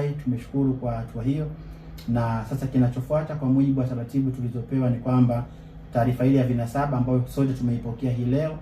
Julai. Tumeshukuru kwa hatua hiyo, na sasa kinachofuata kwa mujibu wa taratibu tulizopewa ni kwamba taarifa ile ya vinasaba ambayo sote tumeipokea hii leo,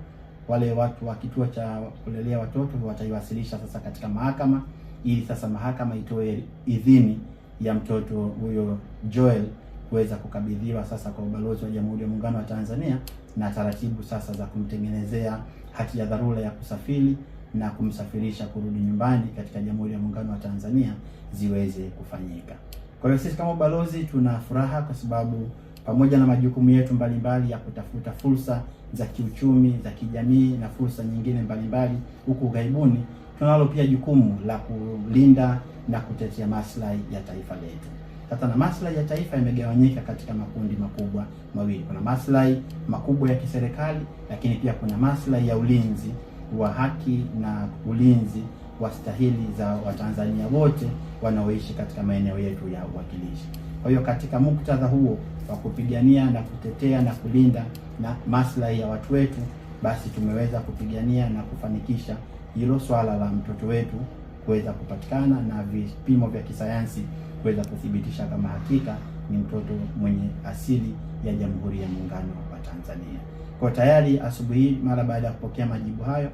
wale watu wa kituo cha kulelea watoto wataiwasilisha sasa katika mahakama, ili sasa mahakama itoe idhini ya mtoto huyo Joel kuweza kukabidhiwa sasa kwa ubalozi wa Jamhuri ya Muungano wa Tanzania na taratibu sasa za kumtengenezea hati ya dharura ya kusafiri na kumsafirisha kurudi nyumbani katika Jamhuri ya Muungano wa Tanzania ziweze kufanyika. Kwa hiyo sisi kama ubalozi tuna furaha kwa sababu pamoja na majukumu yetu mbalimbali ya kutafuta fursa za kiuchumi, za kijamii na fursa nyingine mbalimbali huku ughaibuni, tunalo pia jukumu la kulinda na kutetea maslahi ya taifa letu. Sasa na maslahi ya taifa yamegawanyika katika makundi makubwa mawili. Kuna maslahi makubwa ya kiserikali, lakini pia kuna maslahi ya ulinzi wa haki na ulinzi wa stahili za Watanzania wote wanaoishi katika maeneo yetu ya uwakilishi. Kwa hiyo katika muktadha huo wa kupigania na kutetea na kulinda na maslahi ya watu wetu, basi tumeweza kupigania na kufanikisha hilo swala la mtoto wetu kuweza kupatikana na vipimo vya kisayansi kuweza kuthibitisha kama hakika ni mtoto mwenye asili ya Jamhuri ya Muungano Tanzania. Kwa tayari asubuhi hii mara baada ya kupokea majibu hayo,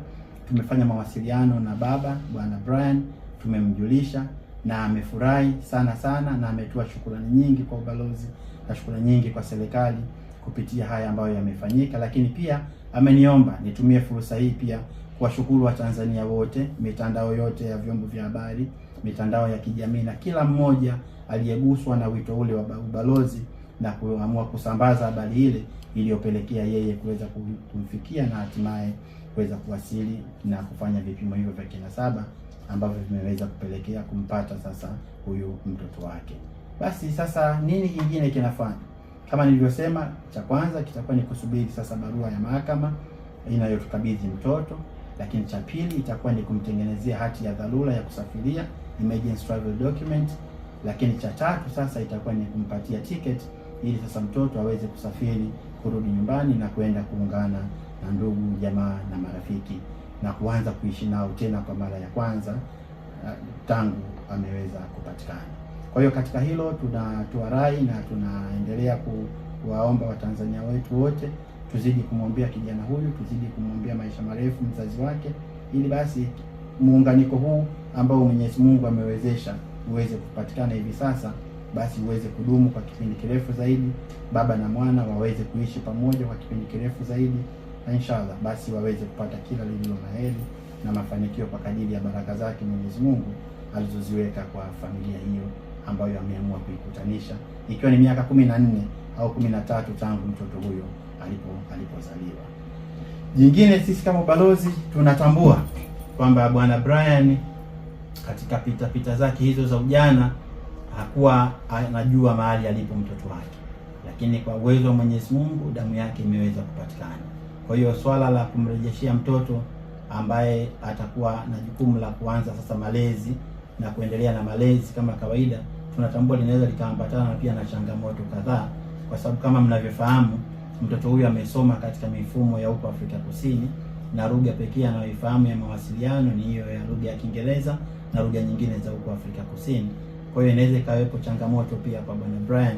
tumefanya mawasiliano na baba bwana Brian, tumemjulisha na amefurahi sana sana na ametoa shukrani nyingi kwa ubalozi na shukrani nyingi kwa serikali kupitia haya ambayo yamefanyika, lakini pia ameniomba nitumie fursa hii pia kuwashukuru Watanzania wote, mitandao yote ya vyombo vya habari, mitandao ya kijamii na kila mmoja aliyeguswa na wito ule wa ubalozi na kuamua kusambaza habari ile iliyopelekea yeye kuweza kumfikia na hatimaye kuweza kuwasili na kufanya vipimo hivyo vya kinasaba ambavyo vimeweza kupelekea kumpata sasa huyu mtoto wake. Basi sasa nini kingine kinafanya? Kama nilivyosema, cha kwanza kitakuwa ni kusubiri sasa barua ya mahakama inayotukabidhi mtoto, lakini cha pili itakuwa ni kumtengenezea hati ya dharura ya kusafiria, emergency travel document, lakini cha tatu sasa itakuwa ni kumpatia tiketi ili sasa mtoto aweze kusafiri kurudi nyumbani na kwenda kuungana na ndugu jamaa na marafiki na kuanza kuishi nao tena kwa mara ya kwanza eh, tangu ameweza kupatikana. Kwa hiyo katika hilo tunatoa rai na tunaendelea kuwaomba Watanzania wetu wote tuzidi kumwombea kijana huyu, tuzidi kumwombea maisha marefu mzazi wake, ili basi muunganiko huu ambao Mwenyezi Mungu amewezesha uweze kupatikana hivi sasa basi uweze kudumu kwa kipindi kirefu zaidi, baba na mwana waweze kuishi pamoja kwa kipindi kirefu zaidi, na inshallah basi waweze kupata kila lililo la heri na mafanikio kwa kadiri ya baraka zake Mwenyezi Mungu alizoziweka kwa familia hiyo ambayo ameamua kuikutanisha, ikiwa ni miaka kumi na nne au kumi na tatu tangu mtoto huyo alipo alipozaliwa. Jingine, sisi kama balozi tunatambua kwamba bwana Brian katika pitapita zake hizo za ujana hakuwa anajua mahali alipo mtoto wake, lakini kwa uwezo wa Mwenyezi Mungu damu yake imeweza kupatikana. Kwa hiyo swala la kumrejeshia mtoto ambaye atakuwa na jukumu la kuanza sasa malezi na kuendelea na malezi kama kawaida, tunatambua linaweza likaambatana pia na changamoto kadhaa, kwa sababu kama mnavyofahamu, mtoto huyu amesoma katika mifumo ya huko Afrika Kusini na lugha pekee anayoifahamu ya mawasiliano ni hiyo ya lugha ya Kiingereza na lugha nyingine za huko Afrika Kusini. Kwa hiyo inaweza ikawepo changamoto pia kwa Bwana Brian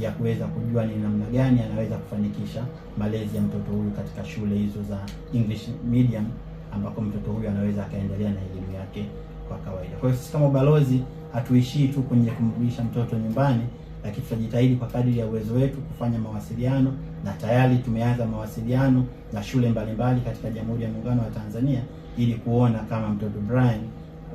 ya kuweza kujua ni namna gani anaweza kufanikisha malezi ya mtoto huyu katika shule hizo za English medium ambako mtoto huyu anaweza akaendelea na elimu yake kwa kawaida. Kwa hiyo sisi kama ubalozi hatuishii tu kwenye kumrudisha mtoto nyumbani, lakini tutajitahidi kwa kadri ya uwezo wetu kufanya mawasiliano, na tayari tumeanza mawasiliano na shule mbalimbali katika Jamhuri ya Muungano wa Tanzania ili kuona kama mtoto Brian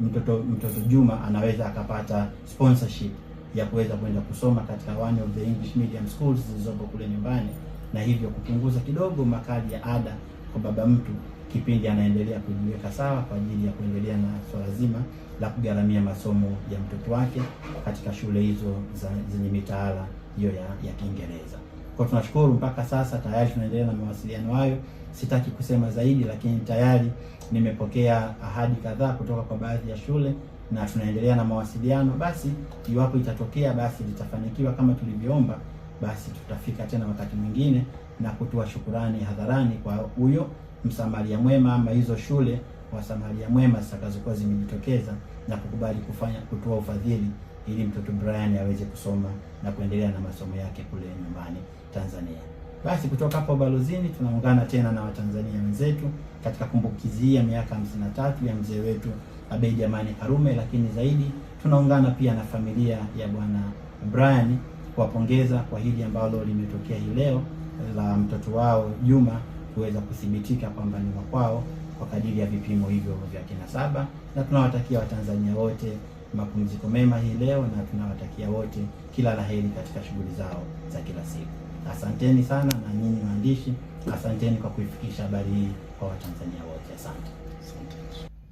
mtoto mtoto Juma anaweza akapata sponsorship ya kuweza kwenda kusoma katika one of the English medium schools zilizopo kule nyumbani, na hivyo kupunguza kidogo makali ya ada kwa baba mtu kipindi anaendelea kujiweka sawa kwa ajili ya kuendelea na swala zima la kugharamia masomo ya mtoto wake katika shule hizo zenye mitaala hiyo ya, ya Kiingereza. Kwa tunashukuru mpaka sasa tayari tunaendelea na mawasiliano hayo. Sitaki kusema zaidi, lakini tayari nimepokea ahadi kadhaa kutoka kwa baadhi ya shule na tunaendelea na mawasiliano. Basi iwapo itatokea basi litafanikiwa kama tulivyoomba, basi tutafika tena wakati mwingine na kutoa shukurani hadharani kwa huyo msamaria mwema ama hizo shule wa Samaria Mwema zitakazokuwa zimejitokeza na kukubali kufanya kutoa ufadhili ili mtoto Brian aweze kusoma na kuendelea na masomo yake kule nyumbani Tanzania. Basi kutoka hapo balozini tunaungana tena na Watanzania wenzetu katika kumbukizi ya miaka 53 ya mzee wetu Abeid Amani Karume, lakini zaidi tunaungana pia na familia ya bwana Brian kuwapongeza kwa hili ambalo limetokea hii leo la mtoto wao Juma kuweza kuthibitika kwamba ni wa kwao kwa kadiri ya vipimo hivyo vya kinasaba, na tunawatakia Watanzania wote mapumziko mema hii leo, na tunawatakia wote kila laheri katika shughuli zao za kila siku. Asanteni sana, na nyinyi waandishi, asanteni kwa kuifikisha habari hii kwa Watanzania wote. Asante, asante.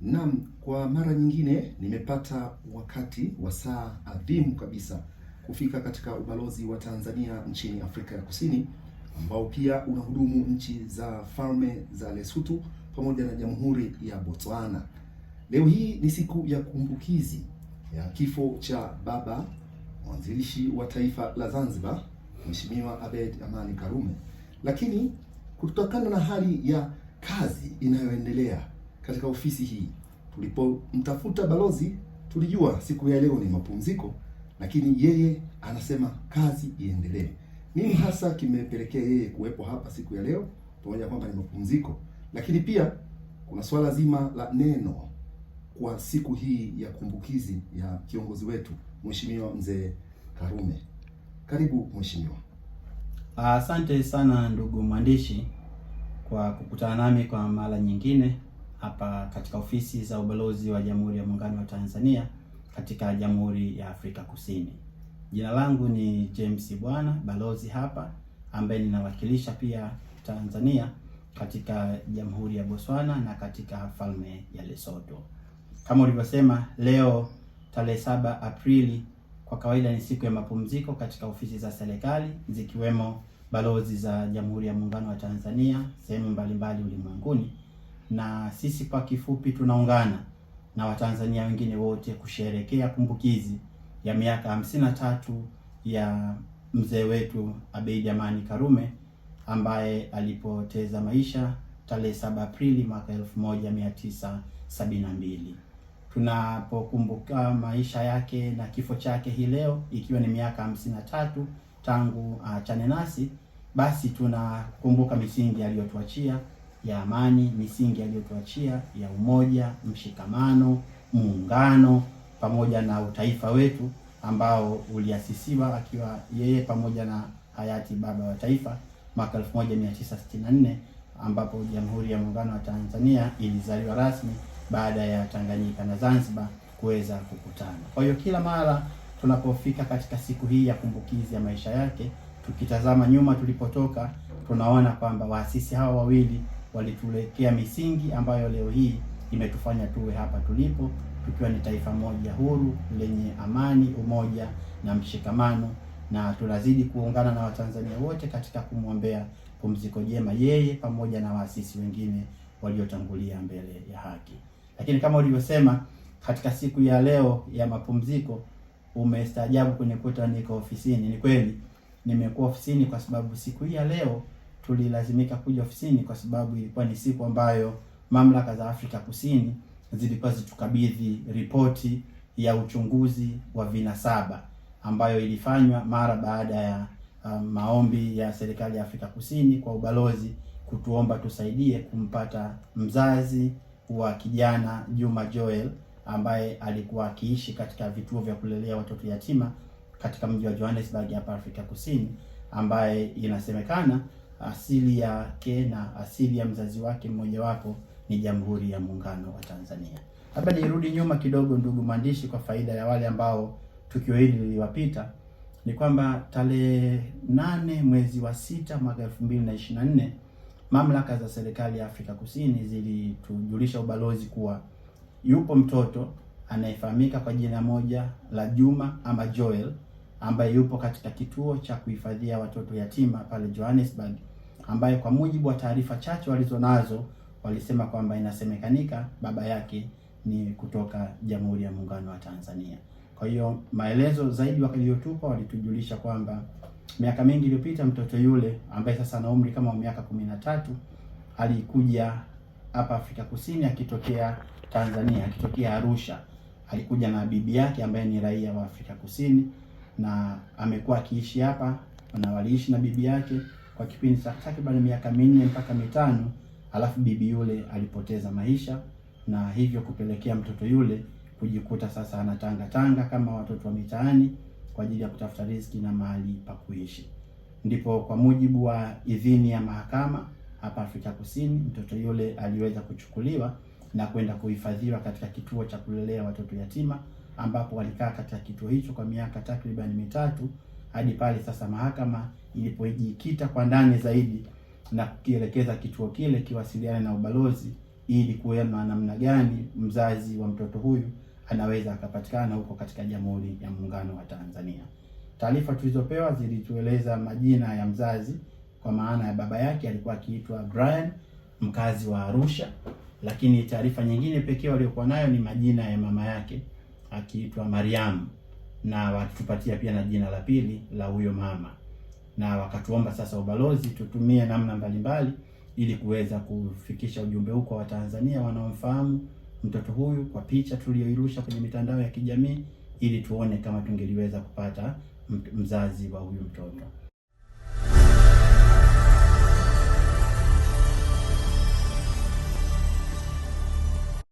Naam, kwa mara nyingine nimepata wakati wa saa adhimu kabisa kufika katika ubalozi wa Tanzania nchini Afrika ya Kusini ambao pia unahudumu nchi za falme za Lesotho pamoja na Jamhuri ya Botswana. Leo hii ni siku ya kumbukizi ya kifo cha baba mwanzilishi wa taifa la Zanzibar, Mheshimiwa Abeid Amani Karume, lakini kutokana na hali ya kazi inayoendelea katika ofisi hii, tulipomtafuta balozi tulijua siku ya leo ni mapumziko, lakini yeye anasema kazi iendelee. Nini hasa kimepelekea yeye kuwepo hapa siku ya leo pamoja na kwamba ni mapumziko? Lakini pia kuna swala zima la neno kwa siku hii ya kumbukizi ya kiongozi wetu Mheshimiwa Mzee Karume. Karibu mheshimiwa. Asante sana ndugu mwandishi kwa kukutana nami kwa mara nyingine hapa katika ofisi za ubalozi wa Jamhuri ya Muungano wa Tanzania katika Jamhuri ya Afrika Kusini. Jina langu ni James Bwana, balozi hapa ambaye ninawakilisha pia Tanzania katika Jamhuri ya Botswana na katika falme ya Lesotho. Kama ulivyosema, leo tarehe saba Aprili kwa kawaida ni siku ya mapumziko katika ofisi za serikali zikiwemo balozi za Jamhuri ya Muungano wa Tanzania sehemu mbalimbali ulimwenguni, na sisi kwa kifupi tunaungana na Watanzania wengine wote kusherehekea kumbukizi ya miaka hamsini na tatu ya mzee wetu Abeid Amani Karume ambaye alipoteza maisha tarehe 7 Aprili mwaka 1972. Tunapokumbuka maisha yake na kifo chake hii leo, ikiwa ni miaka hamsini tatu tangu achane nasi, basi tunakumbuka misingi aliyotuachia ya amani, misingi aliyotuachia ya umoja, mshikamano, muungano pamoja na utaifa wetu ambao uliasisiwa akiwa yeye pamoja na hayati baba wa taifa mwaka 1964 ambapo Jamhuri ya Muungano wa Tanzania ilizaliwa rasmi baada ya Tanganyika na Zanzibar kuweza kukutana. Kwa hiyo kila mara tunapofika katika siku hii ya kumbukizi ya maisha yake, tukitazama nyuma tulipotoka, tunaona kwamba waasisi hawa wawili walituwekea misingi ambayo leo hii imetufanya tuwe hapa tulipo, tukiwa ni taifa moja huru lenye amani, umoja na mshikamano na tunazidi kuungana na Watanzania wote katika kumwombea pumziko jema yeye pamoja na waasisi wengine waliotangulia mbele ya haki. Lakini kama ulivyosema, katika siku ya leo ya mapumziko umestaajabu kunikuta niko ofisini. Ni kweli nimekuwa ofisini kwa sababu siku hii ya leo tulilazimika kuja ofisini kwa sababu ilikuwa ni siku ambayo mamlaka za Afrika Kusini zilikuwa zitukabidhi ripoti ya uchunguzi wa vinasaba ambayo ilifanywa mara baada ya um, maombi ya serikali ya Afrika Kusini kwa ubalozi kutuomba tusaidie kumpata mzazi wa kijana Juma Joel ambaye alikuwa akiishi katika vituo vya kulelea watoto yatima katika mji wa Johannesburg hapa Afrika Kusini, ambaye inasemekana asili yake na asili ya mzazi wake mmojawapo ni Jamhuri ya Muungano wa Tanzania. Labda nirudi nyuma kidogo, ndugu mwandishi, kwa faida ya wale ambao tukio hili liliwapita ni kwamba tarehe nane mwezi wa sita mwaka elfu mbili na ishirini na nne mamlaka za serikali ya Afrika Kusini zilitujulisha ubalozi kuwa yupo mtoto anayefahamika kwa jina moja la Juma ama Joel ambaye yupo katika kituo cha kuhifadhia watoto yatima pale Johannesburg, ambaye kwa mujibu wa taarifa chache walizonazo walisema kwamba inasemekanika baba yake ni kutoka Jamhuri ya Muungano wa Tanzania. Kwa hiyo maelezo zaidi waliotupa walitujulisha kwamba miaka mingi iliyopita mtoto yule ambaye sasa ana umri kama miaka kumi na tatu alikuja hapa Afrika Kusini akitokea Tanzania, akitokea Arusha. Alikuja na bibi yake ambaye ni raia wa Afrika Kusini na amekuwa akiishi hapa, na waliishi na bibi yake kwa kipindi cha takriban miaka minne mpaka mitano, alafu bibi yule alipoteza maisha na hivyo kupelekea mtoto yule kujikuta sasa tanga kama watoto wa mitaani kwa ajili ya kutafuta riziki na mahali pa kuishi. Ndipo kwa mujibu wa idhini ya mahakama hapa Afrika Kusini, mtoto yule aliweza kuchukuliwa na kwenda kuhifadhiwa katika kituo cha kulelea watoto yatima, ambapo walikaa katika kituo hicho kwa miaka takriban mitatu hadi pale sasa mahakama ilipojikita kwa ndani zaidi na kukielekeza kituo kile kiwasiliane na ubalozi ili kuona namna gani mzazi wa mtoto huyu anaweza akapatikana huko katika Jamhuri ya Muungano wa Tanzania. Taarifa tulizopewa zilitueleza majina ya mzazi kwa maana ya baba yake alikuwa akiitwa Brian, mkazi wa Arusha, lakini taarifa nyingine pekee waliokuwa nayo ni majina ya mama yake akiitwa Mariam, na watupatia pia na jina la pili la huyo mama, na wakatuomba sasa ubalozi tutumie namna mbalimbali ili kuweza kufikisha ujumbe huko wa Tanzania wanaomfahamu mtoto huyu kwa picha tuliyoirusha kwenye mitandao ya kijamii, ili tuone kama tungeliweza kupata mzazi wa huyu mtoto.